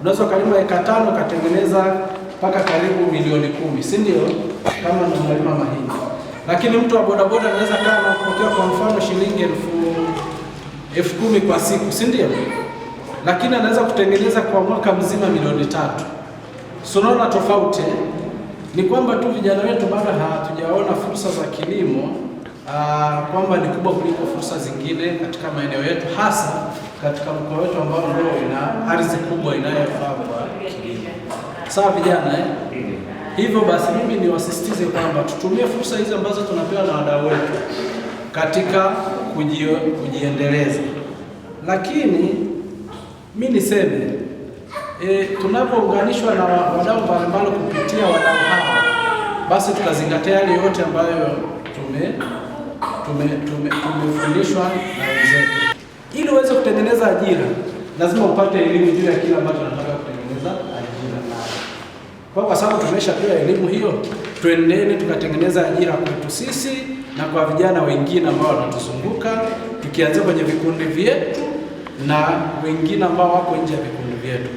Unaweza ukalima eka tano ukatengeneza mpaka karibu milioni kumi, si ndio? Kama unalima mahindi. Lakini mtu wa bodaboda anaweza kama kupokea kwa mfano shilingi elfu elfu kumi kwa siku, si ndio? Lakini anaweza kutengeneza kwa mwaka mzima milioni tatu. Sunaona tofauti eh? ni kwamba tu vijana wetu bado hatujaona fursa za kilimo, ah, kwamba ni kubwa kuliko fursa zingine katika maeneo yetu hasa katika mkoa wetu ambao ndio ina ardhi kubwa inayofaa kwa kilimo. Sawa vijana eh? Hivyo basi mimi niwasisitize kwamba tutumie fursa hizi ambazo tunapewa na wadau wetu katika kujiendeleza. Lakini mi niseme e, tunapounganishwa na wadau mbalimbali kupitia wadau hawa, basi tutazingatia yale yote ambayo tume tumefundishwa tume na wenzetu kutengeneza ajira, lazima upate elimu juu ya kile ambacho unataka kutengeneza ajira nayo. Kwa kwa sababu pia elimu hiyo, twendeni tukatengeneza ajira kwetu sisi na kwa vijana wengine ambao wanatuzunguka, tukianzia kwenye vikundi vyetu na wengine ambao wako nje ya vikundi vyetu.